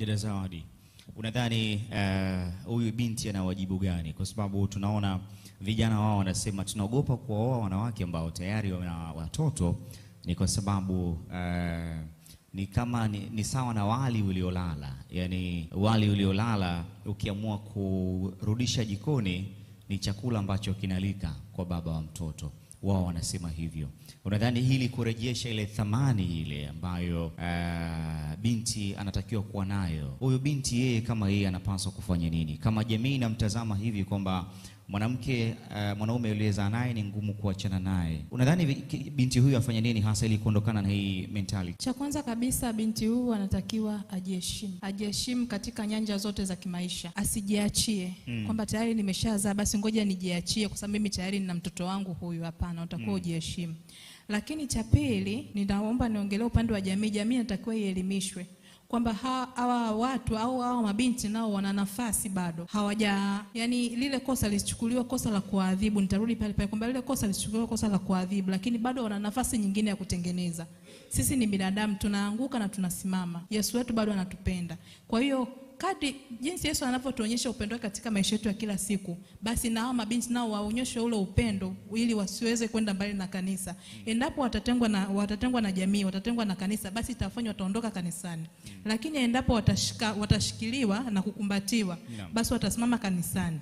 Dada Zawadi, unadhani uh, huyu uh, binti ana wajibu gani? Kwa sababu tunaona vijana wao wanasema tunaogopa kuwaoa wanawake ambao tayari wana watoto, ni kwa sababu uh, ni kama ni, ni sawa na wali uliolala. Yaani wali uliolala ukiamua kurudisha jikoni, ni chakula ambacho kinalika kwa baba wa mtoto wao wanasema hivyo. Unadhani hii kurejesha ile thamani ile ambayo uh, binti anatakiwa kuwa nayo? Huyu binti yeye kama yeye anapaswa kufanya nini? Kama jamii inamtazama hivi kwamba mwanamke uh, mwanaume uliyezaa naye ni ngumu kuachana naye. Unadhani binti huyu afanye nini hasa ili kuondokana na hii mentality? Cha kwanza kabisa, binti huyu anatakiwa ajiheshimu, ajiheshimu katika nyanja zote za kimaisha, asijiachie mm. kwamba tayari nimeshazaa, basi ngoja nijiachie, kwa sababu mimi tayari nina mtoto wangu huyu. Hapana, utakuwa mm. ujiheshimu. Lakini cha pili, ninaomba niongelee upande wa jamii. Jamii inatakiwa ielimishwe kwamba hawa watu au hawa mabinti nao wana nafasi bado hawaja, yani lile kosa lisichukuliwa kosa la kuadhibu. Nitarudi pale pale kwamba lile kosa lisichukuliwa kosa la kuadhibu, lakini bado wana nafasi nyingine ya kutengeneza. Sisi ni binadamu, tunaanguka na tunasimama. Yesu wetu bado anatupenda, kwa hiyo kadri jinsi Yesu anavyotuonyesha upendo wake katika maisha yetu ya kila siku, basi na hao mabinti nao waonyeshwe ule upendo ili wasiweze kwenda mbali na kanisa. Endapo watatengwa na, watatengwa na jamii, watatengwa na kanisa, basi itafanya wataondoka kanisani. Lakini endapo watashika, watashikiliwa na kukumbatiwa, basi watasimama kanisani.